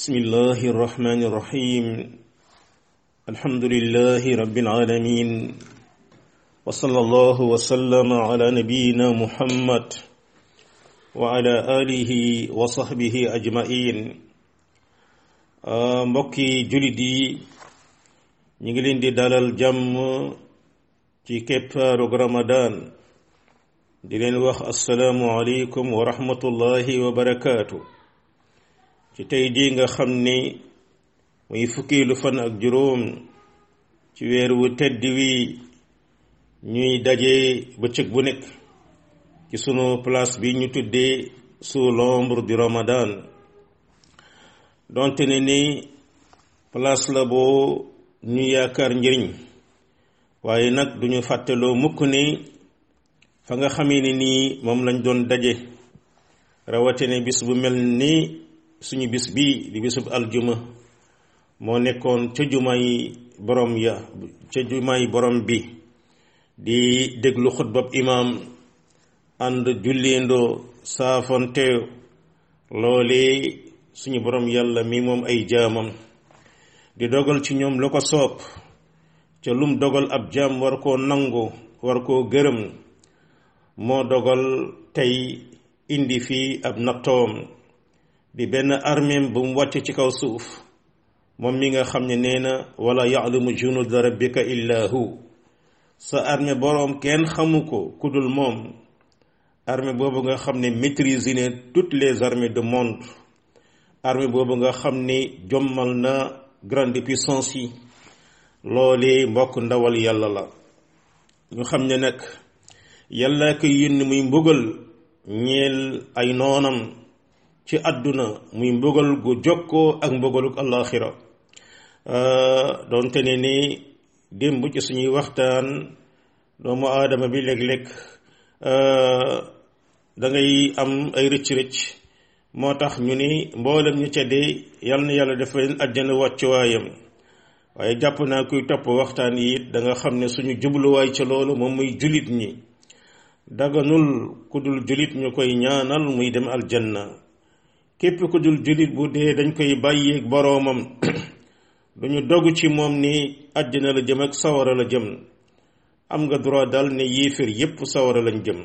بسم الله الرحمن الرحيم الحمد لله رب العالمين وصلى الله وسلم على نبينا محمد وعلى آله وصحبه أجمعين مكي جلدي نجلين دي دال الجم في كبار رمضان دلين وخ السلام عليكم ورحمة الله وبركاته ci tey jii nga xam ni muy fukkiilu fan ak juróom ci weer wu tedd wi ñuy daje bëccëg bu nekk ci sunu place bi ñu tuddee sous l'ombre du Ramadan donte ne ni place la boo ñu yaakaar njëriñ waaye nag duñu fàttaloo mukk ni fa nga xamee ne nii moom lañ doon daje rawatine bis bu mel nii suñu bis bi di bisub aljuma moo nekkoon ca jumay borom ya ca jumaay borom bi di déglu xutbab imaam ànd julleendoo saafonte loolee suñu borom yàlla mi moom ay jaamam di dogal ci ñoom lu ko soob ca lum dogal ab jaam war koo nangu war koo gërëm moo dogal tey indi fii ab nattoom di benn armeem bu mu wàcc ci kaw suuf moom mi nga xam ne nee na wala yaalamu junuda rabbika illa hu sa armée boroom kenn xamu ko ku dul moom armée boobu nga xam ne maîtrise ne toutes les armées de monde armée boobu nga xam ne jommal na grande puissance yi loolee mbokk ndawal yàlla la ñu xam ne nag yàlla ko yónni muy mbugal ñeel ay noonam ci àdduna muy mbugal gu jokkoo ak mbugaluk alaxira euh, doonte ne nii démb ci suñuy waxtaan doomu aadama bi léeg lekk euh, dangay am ay rëcc-rëcc moo tax ñu ni mboolem ñu ca dee yal na yàlla dafa leen àjjana wàccuwaayam waaye jàpp naa kuy topp waxtaan yi danga xam ne suñu jubluwaay ca loolu moom muy julit ñi daganul ku dul julit ñu koy ñaanal muy dem aljanna képp ku dul jullit bu dee dañ koy bàyyeeg boroomam duñu dogu ci moom ni àddina la jëm ak sawarala jëm am nga droit dal ne yéeféer yépp sawara lañ jëm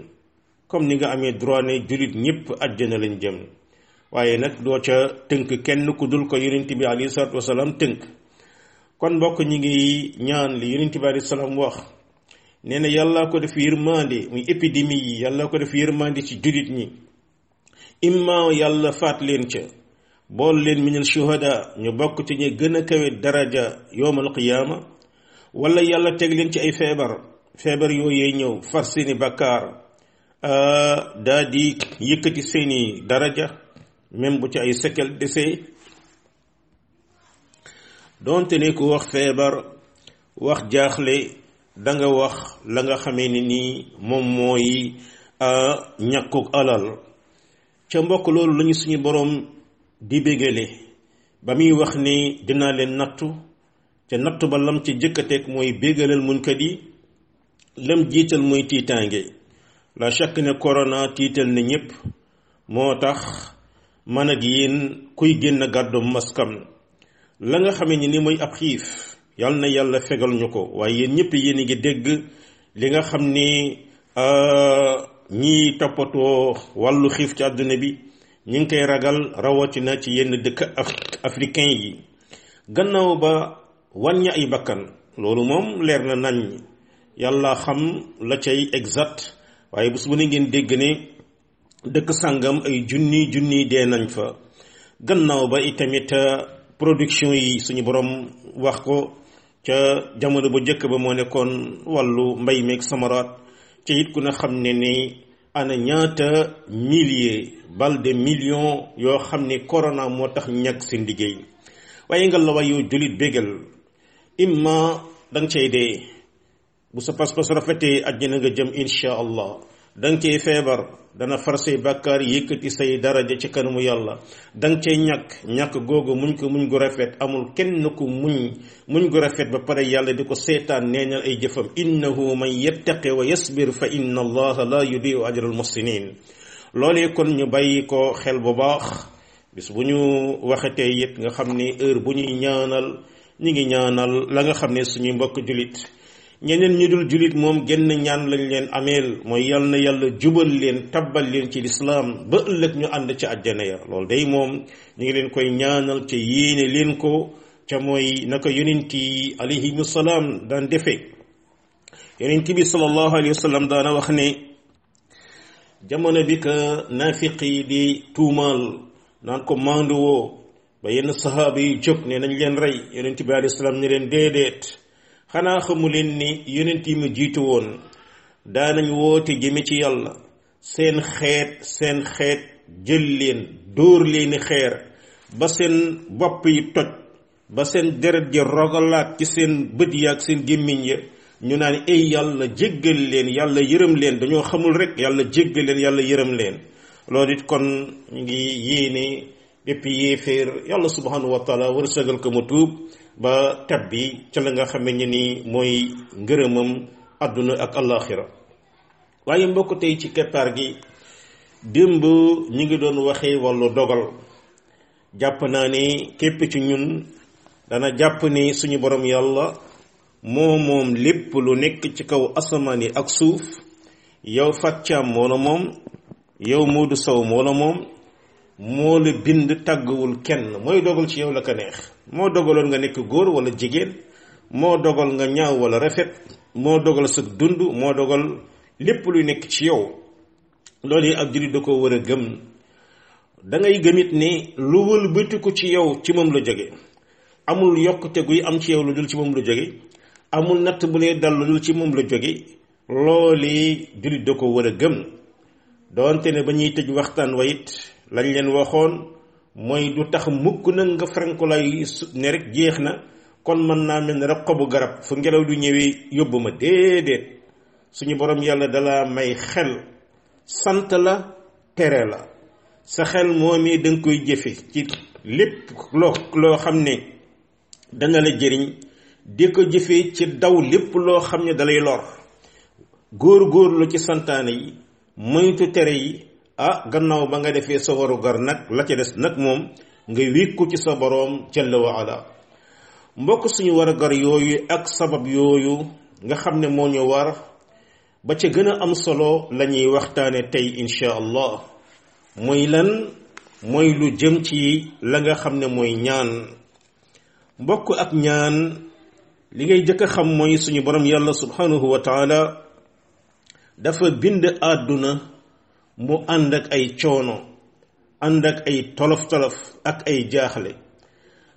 comme ni nga amee droit ne jullit ñépp àddina lañ jëm waaye nag doo ca tënk kenn ku dul ko yonent bi alayhi salaatu tënk kon mbokk ñu ngi ñaan li yonent bi alayhi salaam wax nee na yàlla ko def yërmande muy épidémie yi yàlla ko def yërmande ci jullit ñi imma yàlla faat leen ca bool leen minal shuhada ñu bokk ci ñi gën a kawe daraja yowmal qiyaama wala yàlla teg leen ci ay feebar feebar yooyee ñëw far seeni bakkaar daa di yëkkati seeni daraja même bu ci ay sekel dese doonte ne ku wax feebar wax jaaxle da nga wax la nga xamee ne nii moom mooy ñàkkuk alal ca mbokk loolu lañu suñu boroom di béggale ba muy wax ni dinaa leen nattu ca nattu ba lam ci jëkkateeg mooy béggaleel muñkat yi lam jiital mooy tiitaange la chaque ne corona tiital na ñépp moo tax man ak yéen kuy génn gàddu maskam la nga xame ni ni mooy ab xiif yal na yàlla fegal ñu ko waaye yéen ñépp yéen a dégg li nga xam ni euh, ñiy toppatoo wàllu xiif ci àdduna bi ñu ngi koy ragal rawatina ci yenn dëkk africain yi gannaaw ba wàññi ay bakkan loolu moom leer na nañ yàlla xam la cay exact waaye bés bu ne ngeen dégg ne dëkk sàngam ay junni junni dee nañ fa gannaaw ba itamit euh, production yi suñu borom wax ko ca jamono ba njëkk ba moo nekkoon wàllu mbay meeg samaraat te it ku ne xam ne ni ana ñaata milliers bal de millions yoo xam ne corona moo tax ñàkk seen liggéey waaye nga la waay yow jullit bégal imma danga cay bu sa pas-pas rafetee àjjana nga jëm incha allah danga cey feebar dana far say bàkkaar yëkkati say daraja ci kanamu yàlla danga cee ñàkk ñàkk googu muñ ko muñ gu rafet amul kenn ku muñ muñ gu rafet ba pare yàlla di ko seetaan neenal ay jëfam innahu man yattaqi wa yasbir fa inna allaha la yudiu ajra al muhsinin loolee kon ñu bàyyi ko xel bu baax bis bu ñu waxatee yit nga xam ni heure bu ñuy ñaanal ñu ngi ñaanal la nga xam ne suñuy mbokk jullit ñeneen ñi dul julit moom génn ñaan lañ leen ameel mooy yal yàlla jubal leen tabbal leen ci lislaam ba ëllëg ñu ànd ci àjjana ya loolu day moom ñu ngi leen koy ñaanal ci yéene leen ko ca mooy naka yonent yi alayhimu salaam daan defee yonent bi sallallahu alayhi wa daana wax ne jamono bi ka naafiq di tuumaal naan ko maandu woo ba yenn sahaaba yi jóg ne nañ leen rey yonent bi alayhi salaam ne leen déedéet xanaa xamu leen ni yonent yi jiitu woon daanañu woote jëme ci yàlla seen xeet seen xeet jël leen dóor leeni xeer ba seen bopp yi toj ba seen deret ji rogalaat ci seen bët yi ak seen gémmiñ ya ñu naan ey yàlla jéggal leen yàlla yërëm leen dañoo xamul rek yàlla jéggal leen yàlla yërëm leen loolu it kon ngi yéene depuis yéeféer yàlla subhanahu wa taala wërsëgal ko mu tuub ba tab bi ca la nga xame ne ni mooy ngërëmam àdduna ak allaaxira waaye mbokk tey ci keppaar gi démb ñu ngi doon waxe wàllu dogal jàpp naa ni képp ci ñun dana jàpp ni suñu borom yàlla moo moom lépp lu nekk ci kaw asamaan yi ak suuf yow Fatou Thiam moom yow mu Sow moo la moom moo la bind tàggawul kenn mooy dogal ci yow la ko neex moo dogaloon nga nekk góor wala jigéen moo dogal nga ñaaw wala rafet moo dogal sa dund moo dogal lépp luy nekk ci yow lool yi ab jullit da ko war a gëm da ngay gëmit ni lu wëlbatiku ci yow ci moom la jóge amul yokkute guy am ci yow lu dul ci moom la jóge amul natt bu ci moom la jóge loolu yi da ko war a gëm doonte ne ba ñuy tëj waxtaan wa it lañ leen waxoon mooy du tax mukk na nga lay ne rek jeex na kon man naa mel ne rek garab fu ngelaw du ñëwee yóbbu ma déedéet suñu borom yàlla dala may xel sant la tere la sa xel mi da koy jëfe ci lépp loo loo xam ne dana la jëriñ di ko jëfee ci daw lépp loo xam ne dalay lor góor góor ci santaane yi moytu tere yi ah gannaaw ba nga defee sa waru gar nag la ca des nag moom nga wékku ci sa boroom jalla wa mbokk suñu war a gar yooyu ak sabab yooyu nga xam ne moo ñu war ba ca gën a am solo la ñuy waxtaane tey insha allah mooy lan mooy lu jëm ci la nga xam ne mooy ñaan mbokk ak ñaan li ngay jëkk xam mooy suñu borom yàlla subhanahu wa taala dafa bind àdduna mu ànd ak ay coono ànd ak ay tolof tolof ak ay jaaxle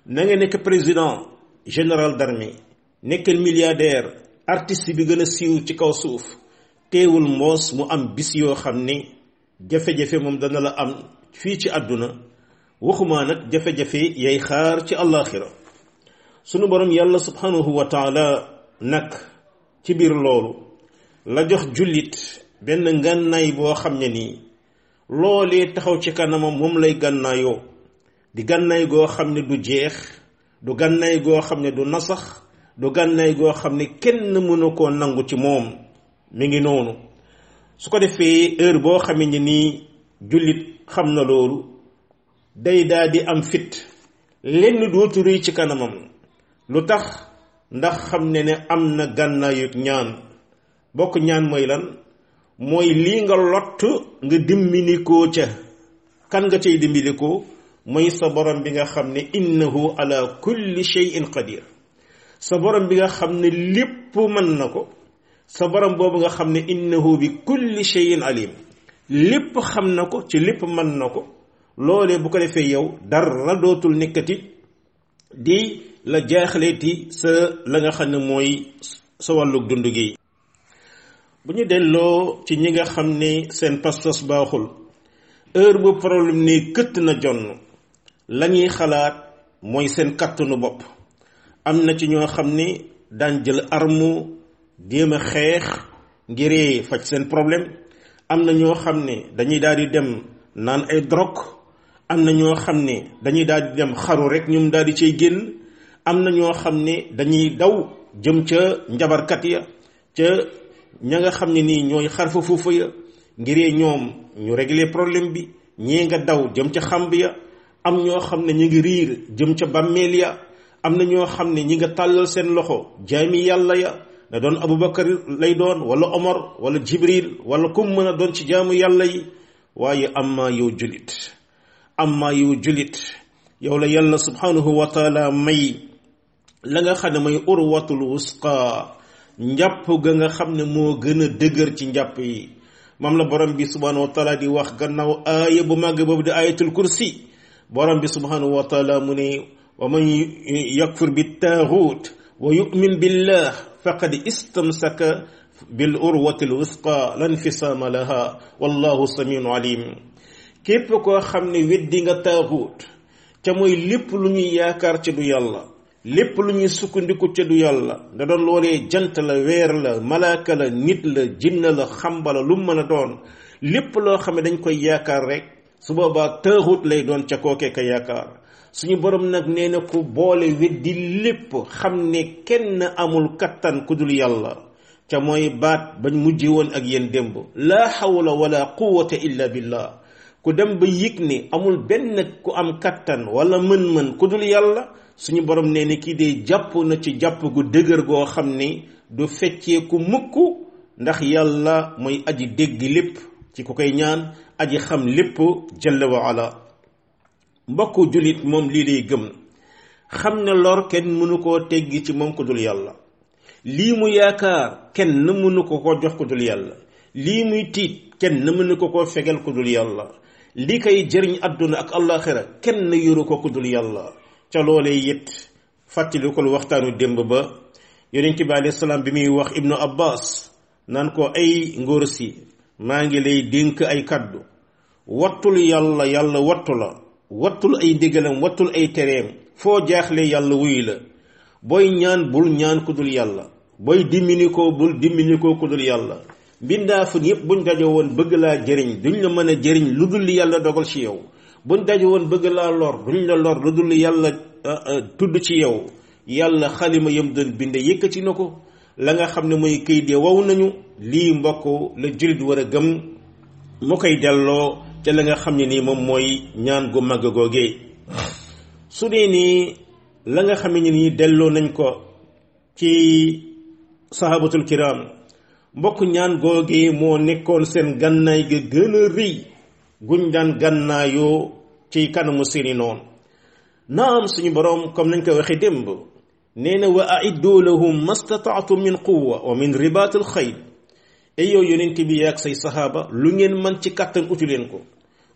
na nga nekk président général d'armée nekkal milliardaire artiste bi gën a siiw ci kaw suuf teewul moos mu am bis yoo xam ne jafe-jafe moom dana la am fii ci àdduna waxumaa nag jafe-jafe yay xaar ci àllaaxira sunu boroom yàlla subhanahu wa taala nag ci biir loolu la jox jullit benn gànnaay boo xam ne nii loolee taxaw ci kanamam moom lay gànnaayoo di gànnaay goo xam ne du jeex du gànnaay goo xam ne du nasax du gànnaay goo xam ne kenn mënu koo nangu ci moom mu ngi noonu su ko defee heure boo xamee ne nii jullit xam na loolu day daa di am fit lenn dootu rëy ci kanamam lu tax ndax xam ne ne am na gànnaayut ñaan bokk ñaan moy lan mooy lii nga lott nga dimbinikoo ca kan nga cay dimbinikoo mooy sa borom bi nga xam ne innahu ala kulli shay'in qadir sa borom bi nga xam ne lépp mën na ko sa borom boobu nga xam ne innahu bi kulli shay'in alim lépp xam na ko ci lépp mën na ko loolee bu ko defee yow dara dootul nekkati di la jaaxleeti sa la nga xam ne mooy sa wàllug dund gi bu ñu delloo ci ñi nga xam ne seen pas-pas baaxul heure bu problème nii këtt na jonn lañuy xalaat mooy seen kàttanu bopp am na ci ñoo xam ni daan jël armu jéem a xeex ngiree faj seen problème am na ñoo xam ne dañuy daal di dem naan ay drogue am na ñoo xam ni dañuy daal di dem xaru rek daal di cay génn am na ñoo xam ni dañuy daw jëm ca njabarkat ya ca ña nga xam ne nii ñooy xarfa foofa ya ngiree ñoom ñu régler problème bi ñee nga daw jëm ca xamb ya am ñoo xam ne ñu ngi riir jëm ca bàmmeel ya am na ñoo xam ne ñi nga tàllal seen loxo jaami yàlla ya na doon abubakar lay doon wala omar wala jibril wala kum mën a doon ci jaamu yàlla yi waaye amma yow julit amma yow julit yow la yàlla subhanahu wa taala may la nga xam ne mooy urwatul wusqa njàpp ga nga xam ne moo gën a dëgër ci njàpp yi moom la borom bi subhanahu wa taala di wax gannaaw aya bu mag bobu di ayatul kursi borom bi subhanahu wa taala mu ne wa man yakfur bi taghut wa yu'min billah faqad istamsaka bil urwati al wusqa lan fisama laha wallahu samiun alim kep ko xamne weddi nga taghut ca moy lépp lu ñuy yaakar ci du yàlla lépp lu ñuy sukkandiku ca du yàlla da doon loolee jant la weer la malaaka la nit la jinna la xamba la lu mën a doon lépp loo xam ne dañ koy yaakaar rek su boobaa taaxut lay doon ca kookee ka yaakaar suñu borom nag nee na ku boole weddi lépp xam ne kenn amul kattan ku dul yàlla ca mooy baat bañ mujj woon ak yéen démb laa hawla wala quwwata illa billah ku dem ba yëg ne amul benn ku am kattan wala mën-mën ku dul yàlla suñu borom nee ni kii dee jàpp na ci jàpp gu dëgër goo xam ni du fecceeku mukk ndax yàlla mooy aji dégg lépp ci ku koy ñaan aji xam lépp jalla wa ala mbokku jullit moom lii lay gëm xam ne lor kenn mënu koo teggi ci moom ku lii mu yaakaar kenn mënu ko ko jox ku dul yàlla lii muy tiit kenn mënu ko ko fegal ko dul yàlla li koy jëriñ àdduna ak àllaaxira kenn yuru ko ku dul yàlla ca loolee it fàttalikul waxtaanu démb ba yonent bi alayhi salaam bi muy wax ibnu abbas naan ko ay ngóor si maa ngi lay dénk ay kàddu wattul yàlla yàlla wattu la wattul ay ndigalam wattul ay tereem foo jaaxle yàlla wuy la booy ñaan bul ñaan ku dul yàlla booy dimbali ko bul dimbali ko ku dul yàlla mbindaa fun bu buñ daje woon bëgg laa jëriñ duñ la mën a jëriñ lu dul li yàlla dogal ci yow buñ daje woon bëgg laa lor duñ la lor lu dul yàlla ah, ah, tudd ci yow yàlla xalima yam doon binde yëkkati na ko la nga xam ne mooy kayit ya wow nañu lii mbokk la jullit war a gëm mu koy delloo ca la nga xam ne nii moom mooy ñaan gu màgg googee su dee nii la nga xam ne delloo nañ ko ci sahabatul kiram mbokk ñaan googee moo nekkoon seen gànnaay ga gën a rëy guñ daan gànnaayoo ci kanamu seeni noonu naam suñu boroom comme nañ ko waxee démb nee na wa a aiddu lahum mastataatum min quwa wa min ribaat al xayl ay e yow yonent bi yaag say saxaaba lu ngeen mën ci kàttan uti leen ko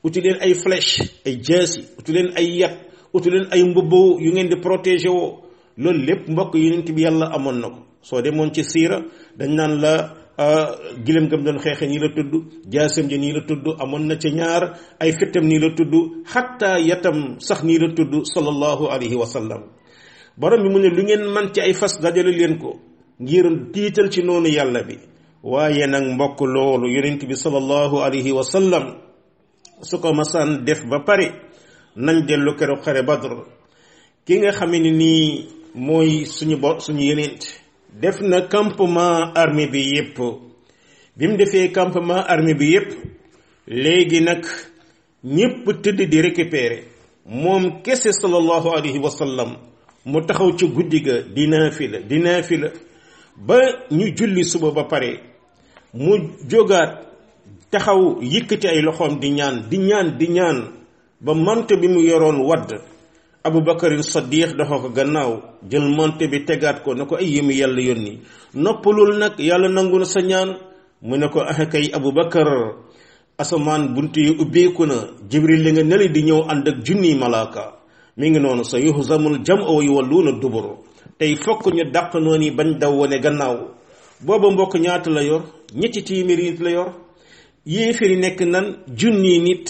uti leen ay flèche ay jaasi uti leen ay yat uti leen ay mbubb yu ngeen di protéger woo loolu lépp mbokk yonent bi yàlla amoon na ko soo demoon ci siira dañ naan la Ah, gilem gam doon xeexe nii la tudd jaasam ja nii la tudd amoon na ca ñaar ay fettam nii la tudd xatta yatam sax nii la tudd sallallahu alayhi wa sallam borom bi mu ne lu ngeen man ci ay fas dajale leen ko ngir tiital ci noonu yàlla bi waaye nag mbokk loolu yonent bi sallallahu alayhi wa sallam su ko masaan def ba pare nañ dellu keroog xare badr ki nga xame ne nii mooy suñu bo suñu yonent def na campement armée bi yépp bi mu defee campement armée bi yépp léegi nag ñépp tëdd di récupérer moom kese sallallahu alayhi wa sallam mu taxaw ci guddi ga di naafila di la ba ñu julli suba ba pare mu jógaat taxaw ci ay loxoom di ñaan di ñaan di ñaan ba mant bi mu yoroon wadd abu bakarin saddiq doxoo ko gannaaw jël monte bi tegaat ko ne ko ay yéemu yàlla yoon yónni noppalul nag yàlla nangu na sa ñaan mu ne ko axe kay abu bakar asamaan bunt yu ubbeeku na jibril li nga neli di ñëw ànd ak junniy malaaka mi ngi noonu sa yuhzamul jam o yu walluuna dubur tey fokk ñu dàq noonu bañ daw wane gannaaw booba mbokk ñaata la yor ñetti téeméeri la yor yéeféri nekk nan junniy nit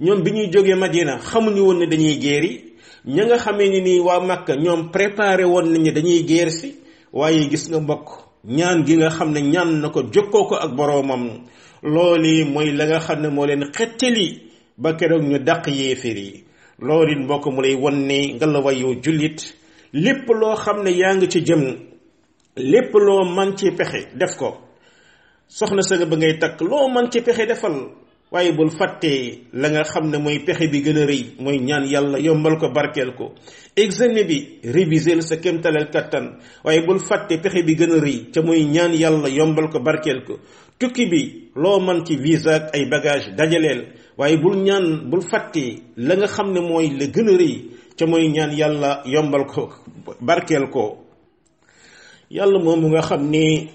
ñoom bi ñuy jógee madina xamuñu woon ne dañuy géeri ña nga xamé ni ni wa màkka ñom préparé won nañu dañuy guer ci waye gis nga mbokk ñaan gi nga xamné ñaan nako ko ko ak boromam loli moy la nga xamné mo moo leen xettali ba kéro ñu daq yéféri loli mbokk mu lay wonné ci jëm lepp lo man ci pexé def ko soxna sa ba ngay tak lo man ci pexé defal waaye bul fàttee la nga xam ne mooy pexe bi gën a rëy mooy ñaan yàlla yombal ko barkeel ko examen bi réviser sa kéemtaleel kattan waaye bul fàttee pexe bi gën a rëy ca mooy ñaan yàlla yombal ko barkeel ko tukki bi loo man ci visa ak ay bagage dajaleel waaye bul ñaan bul fàttee la nga xam ne mooy la gën a rëy ca mooy ñaan yàlla yombal ko ko yàlla moom mu nga xam ne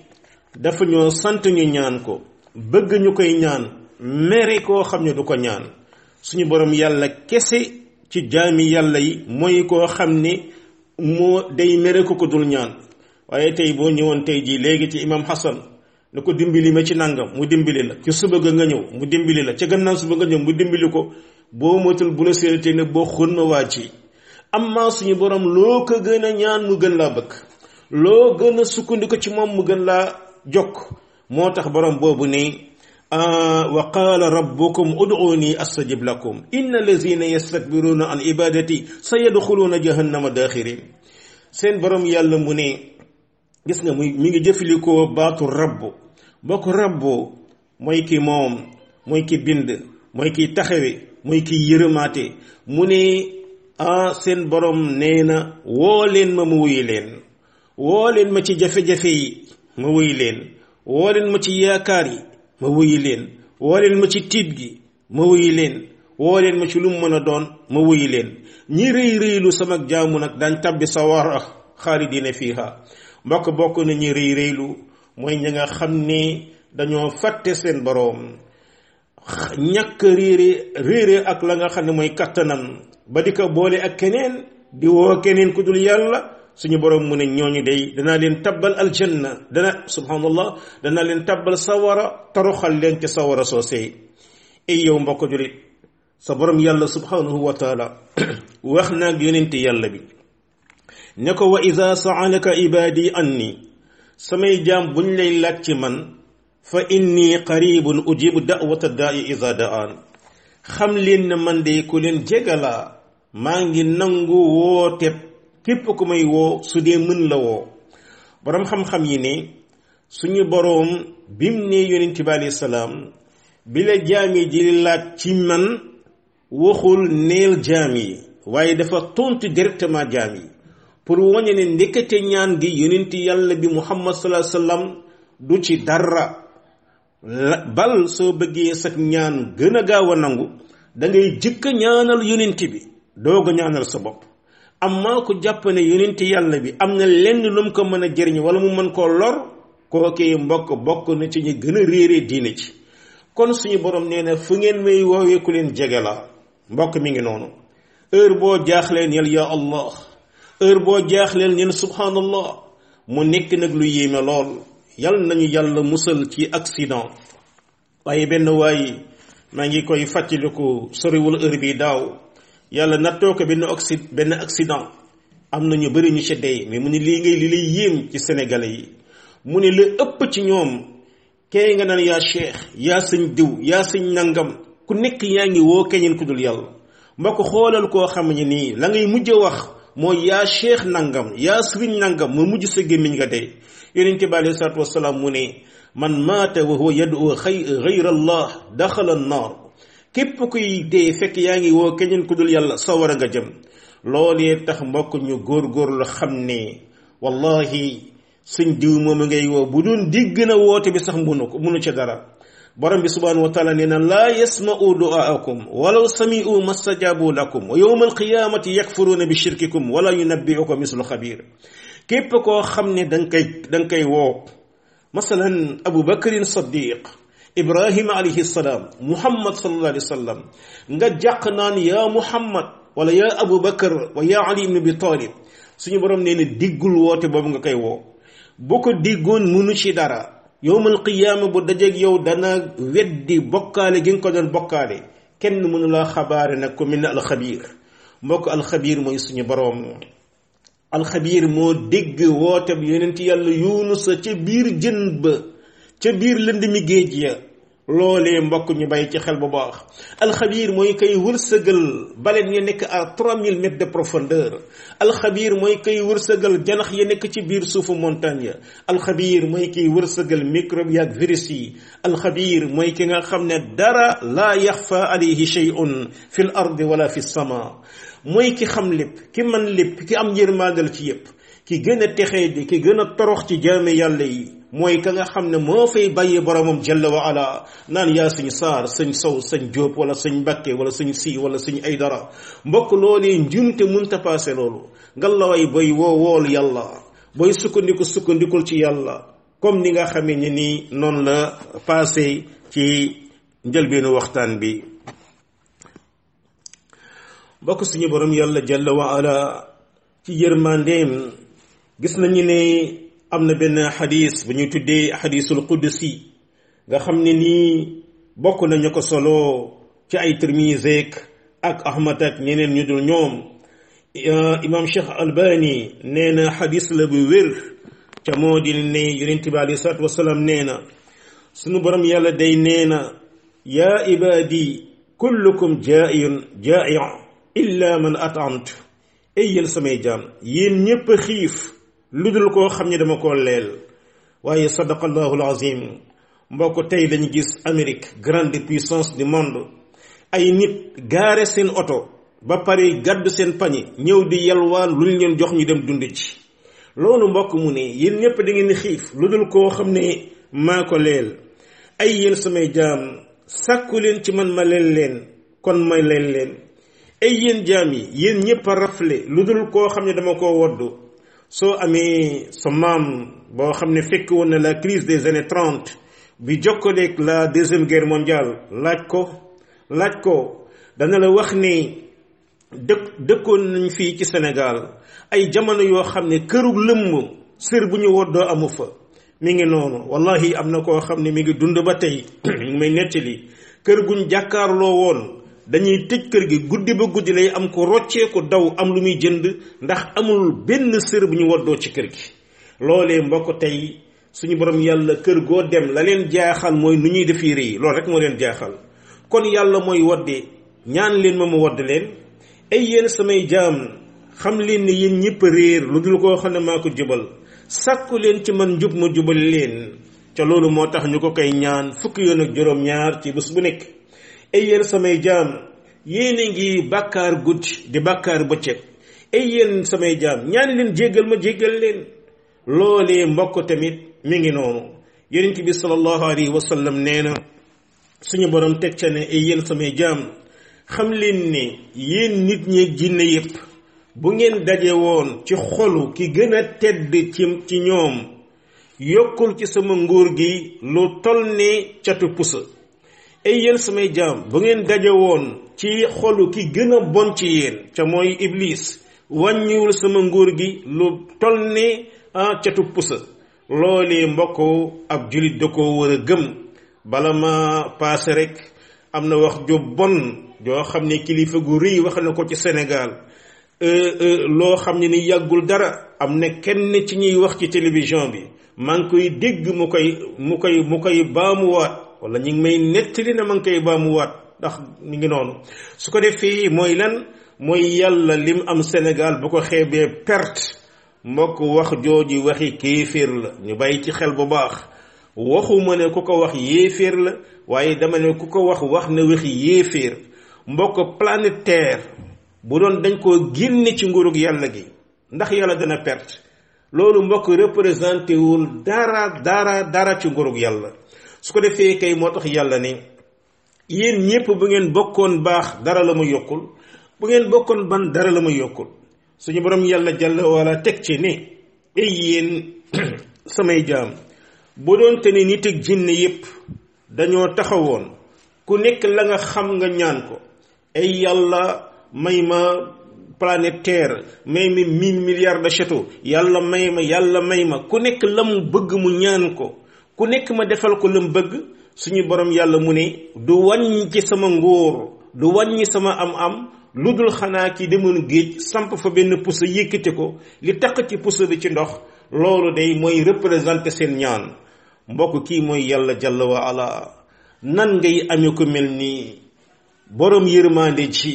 dafa ñoo sant ñu ñaan ko bëgg ñu koy ñaan mere koo xam ne du ko ñaan suñu borom yàlla kese ci jaami yàlla yi mooy koo xam ni moo day mere ko ko dul ñaan waaye tey boo ñëwoon tey jii léegi ci imam Hassan ne ko dimbili ma ci nangam mu dimbali la ci suba nga ñëw mu dimbali la ca gannaaw suba nga ñëw mu dimbali ko boo matul bu la séeréetee ne boo xun ma waa ci amma suñu boroom loo ko gën a ñaan mu gën laa bëgg loo gën a sukkandiku ci moom mu gën laa jokk moo tax borom boobu nii wa qala rabbukum ud'uni astajib lakum inna allazina yastakbiruna an ibadati sayadkhuluna jahannama dakhirin sen borom yalla muné gis nga mi ngi jëfëliko baatu rabb bako rabb moy ki mom moy ki bind moy ki taxawé moy ki yërmaté muné a sen borom néna wo len ma mu wuy len wo len ma ci jafé jafé yi ma wuy len wo len ma ci yaakaar yi ma wuyi leen woo leen ma ci tiit gi ma wuyi leen woo leen ma ci lu mën a doon ma wuyi leen ñi rëy rëylu sama jaamu nag dañ tabbi sawara xaalidina fiha mbokk bokk na ñi rëy rëylu mooy ñi nga xam ne dañoo fàtte seen boroom ñàkk réere réere ak la nga xam ne mooy kattanam ba di ko boole ak keneen di woo keneen ku dul yàlla suñu borom mu ne ñooñu day danaa leen tabbal aljanna dana danaa leen tabbal sawara taruxal leen ci sawara soosey ey yow mbokk julit sa borom yàlla subhanahu wa taala wax naag yonente yàlla bi ne ko wa ida saalaka ibaadi anni samay jaam buñ lay laaj ci man fa inni qaribun ujibu dawata daai ida daan xam leen ne man de ku leen jégalaa maa ngi nangu wooteeb képp ku may woo su dee mën la woo boroom xam-xam yi ne suñu boroom bim ne yonent bi alayhi salaam bi la jaam yi di laaj ci man waxul neel jaam yi waaye dafa tontu directement jaam yi pour wañe ne ndekete ñaan gi yonent yàlla bi muhammad sallallahu alayhi wasallam du ci dara bal soo bëggee sag ñaan gën a gaaw a nangu da ngay jëkk ñaanal yonent bi doog ñaanal sa bopp amma ku jàpp ne yonent yàlla bi am na lenn lu mu ko mën a jëriñ wala mu mën koo lor kookee mbokk bokk na ci ñu gën a réeree diine ci kon suñu borom nee na fu ngeen may woowee leen jege la mbokk mi ngi noonu heure boo jaaxlee neel yaa allah heure boo jaaxlee neel subhanallah mu nekk nag lu yéeme lool yal nañu yàlla musal ci accident waaye benn waaye maa ngi koy fàttaliku soriwul heure bi daaw yàlla nattoo ko benn oxy benn accident am na ñu bëri ñu ci dee mais mu ne lii ngay li lay yéem ci sénégalais yi mu ne la ëpp ci ñoom kay nga naan yaa cheikh yaa sëñ diw yaa sëñ nangam ku nekk yaa ngi woo keneen ku dul yàlla mbokk xoolal koo xam ne nii la ngay mujj wax mooy yaa cheikh nangam yaa sëriñ nangam mu mujj sa gémmiñ nga dee yonent bi aleyhi salaatu wasalaam mu ne man maata wa huwa yadu xay gayra allah daxala annaar képp kuy dee fekk yaa ngi woo keneen ku dul yàlla sawara nga jëm loolee tax mbokk ñu góorgóorlu xam ne wallahi suñ diw moom ngay woo bu doon digg na woote bi sax munu ko munu ci dara borom bi subhanahu wa taala nee na laa yasma'u du'aakum walaw sami'u mastajabu lakum wa yawma alqiyamati yakfuruna bi shirkikum wala yunabbi'uka mislu khabir képp koo xam ne danga koy danga koy woo masalan abu bakrin sadiq ibrahima alayhi salam muhammad sallallahu alaihi wasallam nga jàq naan ya muhammad wala ya abubakar wa ya ali ibn abi talib suñu borom nee na diggul woote boobu nga koy woo bu ko diggoon munu ci dara yowmal qiyaama bu dajeeg yow dana weddi bokkaale gi nga ko doon bokkaale kenn mënu laa xabaare nag ku mel ne alxabiir mbokk alxabiir mooy suñu borom alxabiir moo dégg woote bi yonent yàlla yuunusa ca biir jën ba ca biir lënd mi géej ya lolé mbokk ñu bay ci xel bu baax khabir moy kay wursëgal balen ñe nek à 3000 mètres de profondeur khabir moy kay wursëgal janax ye nek ci biir suufu montagne al khabir moy kiy wursëgal microbe yak virus yi khabir moy ki nga xamne dara la yakhfa alayhi shay'un fi al ard wala fi sama moy ki xam lépp ki man lépp ki am yermagal ci yépp ki gëna texé di ki gëna torox ci jaame yàlla yi mooy ka nga xam ne moo fay bàyyi boromam jalla wa ala naan yaa sëñ saar sëñ sow sëñ jóob wala sëñ mbàkke wala sëñ si wala sëñ ay dara mbokk loolee njumte munta paase loolu ngallaway bay woo wool yàlla booy sukkandiku sukkandikul ci yàlla comme ni nga xamee ni nii noonu la paase ci njëlbeenu waxtaan bi mbokk suñu borom yàlla jalla wa ci yërmandeem gis nañu ne amna ben hadith bu ñuy tuddé hadithul qudsi nga xamné ni bokku na ñu solo ci ay tirmizi ak ahmad ak ñeneen ñu dul ñoom imam cheikh albani neena hadith la bu wér ca moo ne ne yonent bi alayhi salatu wasalaam nee sunu borom yàlla day neena ya ibadi kullukum ja'in jaayi illa man at'amtu ay yéen samay jaam yéen ñépp xif lu dul koo xam ne dama ko leel waaye sadaqallahu alazim mbokk tey dañu gis Amérique grande puissance du monde ay nit gaare seen oto ba pare gàddu seen pañe ñëw di yalwaan lu ñu leen jox ñu dem dund ci loolu mbokk mu ne yéen ñépp da ngeen xiif lu dul koo xam ne maa ko leel ay yéen samay jaam sàkku leen ci man ma leen leen kon may leen leen ay yéen jaam yi yéen ñëpp rafle lu dul koo xam ne dama ko woddu soo amee sa maam boo xam ne fekk woon na la crise des années trente bi jokkaleeg la deuxième guerre mondiale laaj ko laaj ko dana la wax ni dëkk dëkkoon nañ fii ci senegal ay jamono yoo xam ne këru lëmm sër bu ñu woddoo amu fa mi ngi noonu wallahi am na koo xam ne mi ngi dund ba tey mi ngi may nettali kër guñ jàkkaarloo woon dañuy tëj kër gi guddi ba guddi lay am ko rocceeku daw am lu muy jënd ndax amul benn sër bu ñu waddoo ci kër gi loolee mbokk tey suñu borom yàlla kër goo dem la leen jaaxal mooy nu ñuy defee rëy loolu rek moo leen jaaxal kon yàlla mooy wadde ñaan leen ma mu wadd leen ay yéen samay jaam xam leen ne yéen ñëpp réer lu dul koo xam ne maa ko jubal sàkku leen ci man njub ma jubal leen ca loolu moo tax ñu ko koy ñaan fukki yoon ak juróom-ñaar ci bés bu nekk ay yéen samay jaam yéen ngi bàkkaar guddi di bàkkaar bëccëg ay yéen samay jaam ñaani leen jéggal ma jéggal leen loole mbokk tamit mi ngi noonu yonent bi sallallahu alayhi wa sallam nee na suñu borom teg ca ne ay yéen samay jaam xam leen ne yéen nit ñeeg jinne yépp bu ngeen daje woon ci xolu ki gën a tedd ci ci ñoom yokkul ci sama nguur gi lu toll ne catu pusa ay yeen samay jam bu ngeen dajé won ci xolu ki gëna bon ci yeen ca moy iblis wàññiwul sama nguur gi lu a ni tu pusa loolee mbokk ab julit da ko wara gëm bala ma passé rek amna wax ju bon jo xamné kilifa gu ri wax na ko ci sénégal euh e, lo xamné ni yagul dara amne kenn ci ñi wax ci télévision bi man koy dégg mu koy mu koy mu koy wala ñu ngi may nettali na ma ngi koy baa ndax ñu ngi noonu su ko defee mooy lan mooy yàlla lim am Sénégal bu ko xeebee perte mbokk wax jooju waxi kéeféer la ñu bàyyi ci xel bu baax waxuma ne ku ko wax yéeféer la waaye dama ne ku ko wax wax ne waxi yéeféer mbokk planétaire bu doon dañ koo génne ci nguurug yàlla gi ndax yàlla dana perte loolu mbokk représenté wul dara dara dara ci nguurug yàlla su ko defee kay moo tax yàlla ne yéen ñépp bu ngeen bokkoon baax dara la ma yokkul bu ngeen bokkoon ban dara la ma yokkul suñu borom yàlla jàll wala teg ci ne ay yéen samay jaam boo doon te ne nit ak jinne yépp dañoo taxawoon ku nekk la nga xam nga ñaan ko ay yàlla may ma planète terre may mi mille milliards de château yàlla may ma yàlla may ma ku nekk la mu bëgg mu ñaan ko ku nekk ma defal ko lam bëgg suñu borom yàlla mu ne du wàññi ci sama nguur du wàññi sama am-am lu dul xanaa ki demoon géej samp fa benn puso yëkkati ko li taq ci puso bi ci ndox loolu day mooy représenté seen ñaan mbokk kii mooy yàlla jàlla wa ala nan ngay amee ko mel nii borom yërmande ci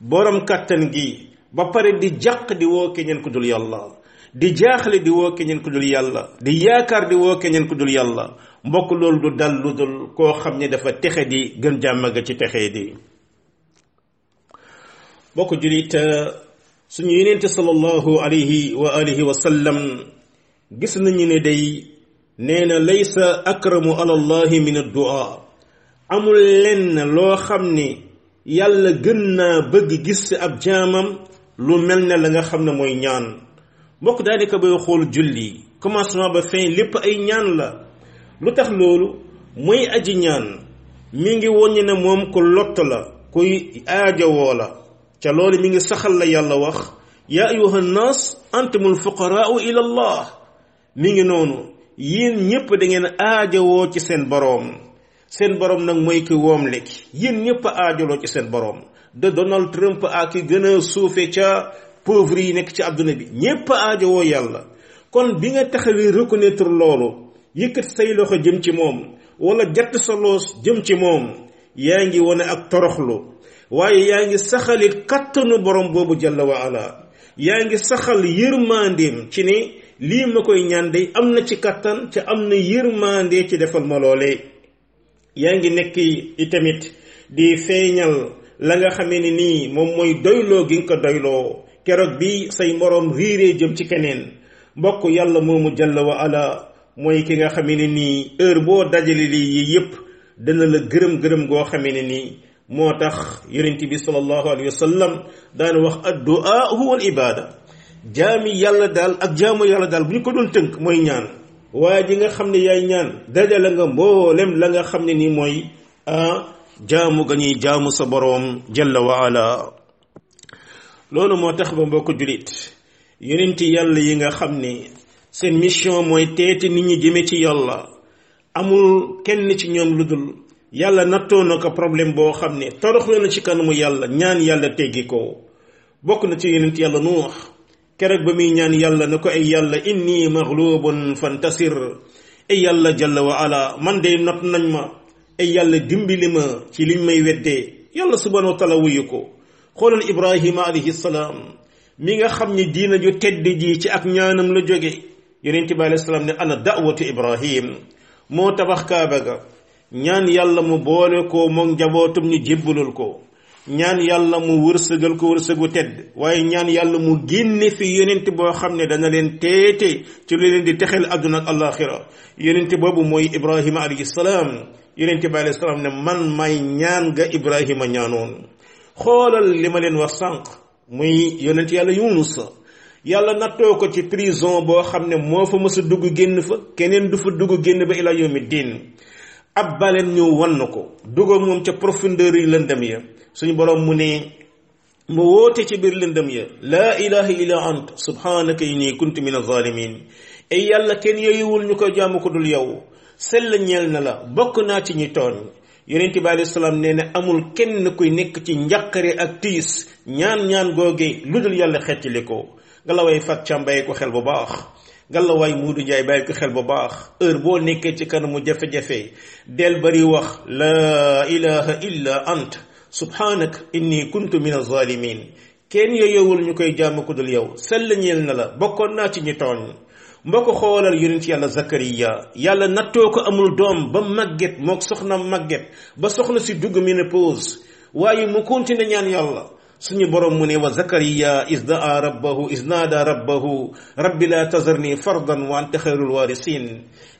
borom kàttan gi ba pare di jàq di woo keneen ku dul yàlla di jaaxale di woo keneen ku dul yàlla di yaakaar di woo keneen ku dul yàlla mbokk loolu du dal lu dul koo xam ne dafa texe di gën jàmm ga ci texe di mbokk julit suñu yeneen te sallallahu alayhi wa alihi wa sallam gis nañu ne day nee na laysa akramu ala allahi min addu'a amul lenn loo xam ni yàlla gën naa bëgg gis ci ab jaamam lu mel na la nga xam ne mooy ñaan mbokk daanaka booy xool julli commencement ba fin lépp ay ñaan la lu tax loolu mooy aji ñaan mi ngi woññi ne moom ku lott la kuy aajawoo la ca loolu mi ngi saxal la yàlla wax yaa ayuha nnaas antumul fuqaraau ila allah mi ngi noonu yéen ñépp da ngeen aajowoo ci seen boroom seen boroom nag mooy ki woom lekk yéen ñépp aajaloo ci seen boroom de Donald Trump ak ki suufe ca pauvre yi nekk ci àdduna bi ñépp aajowoo yàlla kon bi nga taxawee reconnetre loolu yëkkat say loxo jëm ci moom wala jatt sa jëm ci moom yaa ngi wone ak toroxlu waaye yaa ngi saxalit kattanu borom boobu jalla wa ala yaa ngi saxal yërmandeem ci ne lii ma koy ñaan am na ci kattan ca am na yërmande ci defal ma loolee yaa ngi nekk itamit di feeñal la nga xamee ni nii moom mooy doyloo gi nga ko doyloo keroog bi say morom riiree jëm ci keneen mbokk yàlla moomu jalla wa ala mooy ki nga xamee ne nii heure boo dajale lii yi yépp dana la gërëm gërëm goo xamee ne nii moo tax yonente bi salallahu alayhi wa sallam daan wax addu'a huwa al ibada jaami yàlla daal ak jaamu yàlla daal bu ñu ko doon tënk mooy ñaan waaye ji nga xam ne yaay ñaan dajale nga mboolem la nga xam ne nii mooy ah jaamu ga ñuy jaamu sa boroom jalla wa ala loolu moo tax ba mbokk julit yonent yàlla yi nga xam ne seen mission mooy teete nit ñi jëme ci yàlla amul kenn ci ñoom lu dul yàlla nattoo na ko problème boo xam ne toroxlu na ci kanamu yàlla ñaan yàlla teggi ko bokk na ci yonent yàlla nu wax kerek ba muy ñaan yàlla na ko ay yàlla inni maghlubun fantasir ay yàlla jalla wa ala man de not nañ ma ay yàlla dimbali ma ci liñ may weddee yàlla subhanahu wa taala wuyu ko xoolal ibrahima alayhi salaam mi nga xam ni diina ju tedd ji ci ak ñaanam la jóge yonent bi alayhi salaam ne ana da'watu ibrahim moo tabax kaaba ga ñaan yàlla mu boole ko moom njabootum ñu jébbalul ko ñaan yàlla mu wërsëgal ko wërsëgu tedd waaye ñaan yàlla mu génne fi yonent boo xam ne dana leen teete ci lu leen di texel àdduna ak alaxira yonent boobu mooy ibrahima alayhi salaam yonent bi alayhi salaam ne man may ñaan nga ibrahima ñaanoon xoolal li ma leen wax sànq muy yonent yàlla Yunus yàlla nattoo ko ci prison boo xam ne moo fa mës dugg génn fa keneen du fa dugg génn ba ila yawmi diin ab baleen ñëw wann ko dugg moom ca profondeur yi lëndëm ya suñu borom mu ne mu wootee ci biir lëndëm ya laa ilaha illa ant subhanaka inni kuntu min azalimin ay yàlla kenn yooyuwul ñu koy jàmm ko dul yow sell ñeel na la bokk naa ci ñi tooñ yonent bi alei salaam nee na amul kenn kuy nekk ci njàqare ak tiis ñaan-ñaan googe lu dul yàlla xeccali ko ngalawaay fat cam bàyyi xel bu baax ngalawaay muudu njaay bàyyi ko xel bu baax heure boo nekkee ci kanamu jafe-jafe del bari wax laa ilaha illa ant subhanak inni kuntu min azalimin kenn yeyowul ñu koy jàmm ko dul yow sell ñeel na la bokkoon naa ci ñi tooñ mbokk xoolal yonent yàlla zakariya yàlla nattoo ko amul doom ba màgget moo soxna màgget ba soxna si dugg ménopause waaye mu continué ñaan yàlla suñu borom mu ne wa zakariya is daa rabbahu is naada rabbahu rabbi laa tazarni fardan wa anta waarisiin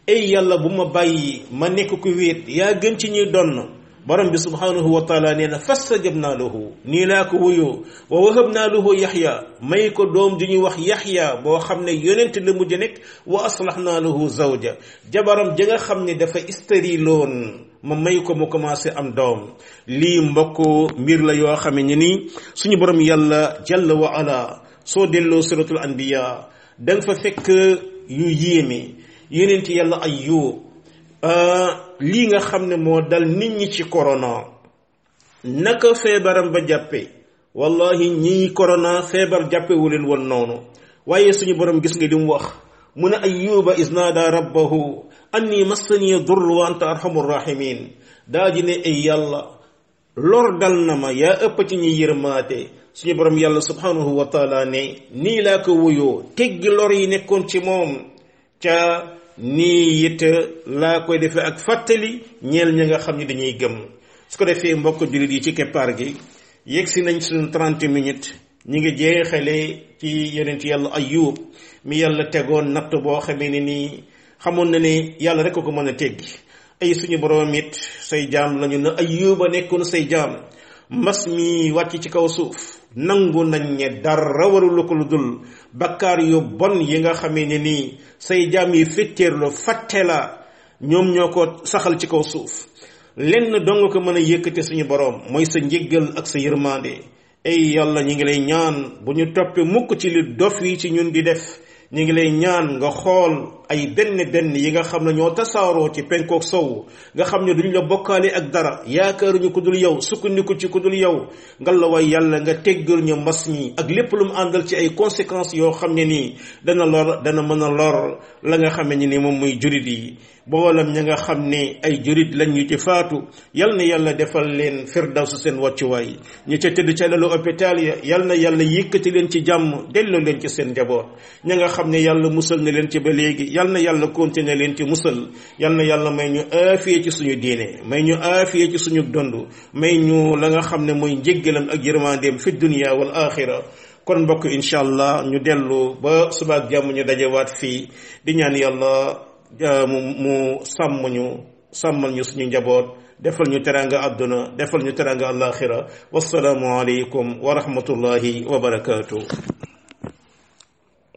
ay yàlla bu ma bàyyi ma nekk ku wéet yaa gën ci ñuy donn borom bi subhanahu wa taala nee na fastajabna lahu nii laa ko wuyoo wa wahabna lahu yaxya may ko doom ju ñuy wax yaxya boo xam ne yonent la mujj nekk wa aslahna lahu zawja jabaram ja nga xam ne dafa istériloon ma may ko mu commencé am doom lii mbokk mbir la yoo xame ne ni suñu borom yàlla jalla wa ala soo delloo suratul anbiya da nga fa fekk yu yéeme yonent yàlla ayub Euh, lii nga xam ne moo dal nit ñi ci corona naka feebaram ba jàppe wallahi ñii corona feebar jàppewu leen woon noonu waaye suñu boroom gis nga li mu wax mu ne ayuba isnaada rabbahu anni massani durru wa anta arhamu rahimin daal ji ne ay yàlla lor dal na ma yaa ëpp ci ñi yërmaate suñu borom yàlla subhanahu wa taala ne nii laa ko wuyoo teggi lor yi nekkoon ci moom ca nii it laa koy defee ak fàttali ñeel ñi nga xam ni dañuy gëm su ko defee mbokk jullit yi ci keppaar gi yegg si nañ suñu 30 minutes ñi ngi jeexale ci yeneen yonent yàlla ayub mi yàlla tegoon natt boo xamee ne nii xamoon na ne yàlla rek ko mën a teggi ay suñu boroom it say jaam lañu ne ayuba nekkoon say jaam mbas mi wàcc ci kaw suuf nangu nañ ne dara warul ko lu dul bakkaar yu bon yi nga xamee ne nii say jaam yi fetteerlu fàtte la ñoom ñoo ko saxal ci kaw suuf lenn dong ko mën a yëkkate suñu boroom mooy sa njëggal ak sa yërmaande ay yàlla ñu ngi lay ñaan bu ñu toppee mukk ci li dof yi ci ñun di def ñu ngi lay ñaan nga xool ay benn benn yi nga xam ne ñoo tasaaroo ci penkook sow nga xam ne duñu la bokkaale ak dara yaakaaruñu ko dul yow sukkandiku ci ku dul yow nga la way yàlla nga teggal ñu mbas ñi ak lépp lu mu àndal ci ay conséquences yoo xam ne nii dana lor dana mën a lor la nga xam ne ni moom muy jurit yi boolam ña nga xam ni ay jurit lañ ñu ci faatu yal na yàlla defal leen firdawsu seen wàccuwaay ñu ca tëdd ca lalu hôpital ya yal na yàlla yëkkati leen ci jàmm delloo leen ci seen njaboot ña nga xam ne yàlla musal na leen ci ba léegi yal na yàlla continuer leen ci musal yal na yàlla may ñu aafiye ci suñu diine may ñu aafiye ci suñu dund may ñu la nga xam ne mooy njéggalam ak yërmandeem fi dunia wal axira kon mbokk incha allah ñu dellu ba subaak jàmm ñu dajewaat fii di ñaan yàlla Eh, mu sàmm ñu sàmmal ñu suñu njaboot defal ñu teranga àdduna defal ñu teranga alaxira wa rahmatullahi wa barakatuh